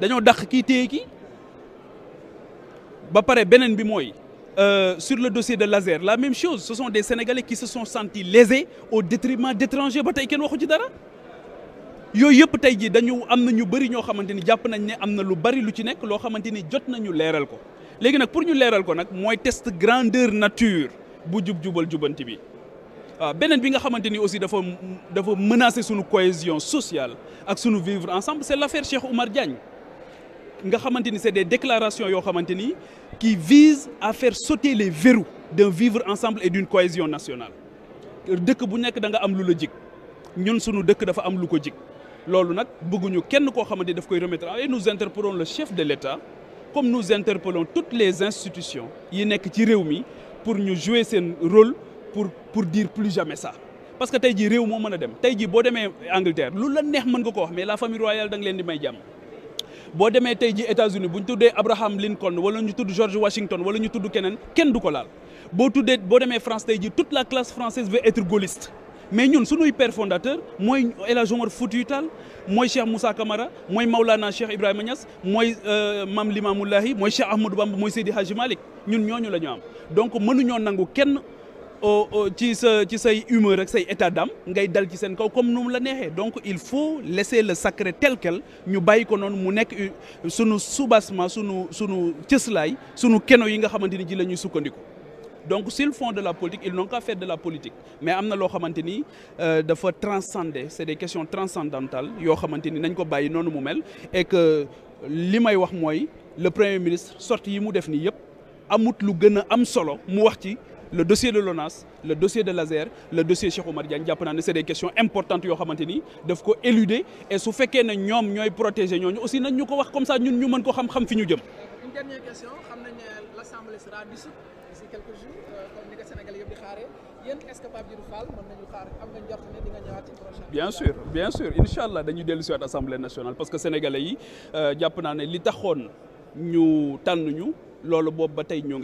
dañoo dakh ki téye ki ba paré benen bi mooy euh, sur le dossier de laser. la même chose ce sont des sénégalais qui se sont sentis lésés au détriment d'étrangers ba tay ken waxu ci dara yoy yep tay ji dañu am ñu bari ño xamanteni japp nañ ne am lu bari lu ci nek lo xamanteni jot nañu léral ko légui nak pour ñu léral ko nak moy test grandeur nature bu jub jubal jubanti bi benen bi nga xamanteni aussi dafa dafa menacer suñu cohésion sociale ak suñu vivre ensemble c'est l'affaire Cheikh Oumar Diagne nga c'est des déclarations qui visent à faire sauter les verrous d'un vivre ensemble et d'une cohésion nationale Dès bu nekk da nga am lu la jig ñun sunu dëkk dafa remettre et nous interpellons le chef de l'État comme nous interpellons toutes les institutions yi sont ci mi pour ñu jouer ce rôle pour pour dire plus jamais ça parce que tey jii réew moo mën a dem tey jii boo demee Angleterre lu la neex mën ko wax mais la famille royale da nga leen si vous États-Unis Abraham Lincoln George Washington wala ñu êtes keneen kenn du ko laal France toute la classe française veut être gaulliste mais nous, suñuy père fondateurs, El Cheikh Moussa Kamara, Moi, Maulana Cheikh Ibrahima Niass Moi, euh, Mam Cheikh Ahmad Bamba c'est Seydi Hadji nous nous, nous, nangu ci sa ci say humeur ak say état d'âme ngay dal ci seen kaw comme nous mu la donc il faut laisser le sacré tel quel ñu bàyyi ko noonu mu nekk sunu soubassement sous sunu cëslaay sunu keno yi nga xamante ji la ñuy donc s'ils font de la politique ils n'ont qu'à faire de la politique mais amna lo xamanteni xamante euh, dafa transcender c'est des questions transcendantales yo xamanteni ni nañ ko bàyyi nonu mu mel et que limay wax moy le premier ministre sorti yi mu def ni yëpp amut lu gëna am solo mu wax ci le dossier de l'ONAS le dossier de Lazer, le dossier Cheikh Oumar Diagne des questions importantes qui doivent être éludées. et su protéger aussi ça une dernière question l'assemblée sera dissoute d'ici quelques jours euh, comme Sénégalais ce bien sûr bien sûr Inchallah, nous dañuy dellu à l'Assemblée nationale parce que sénégalais yi euh, a li ñu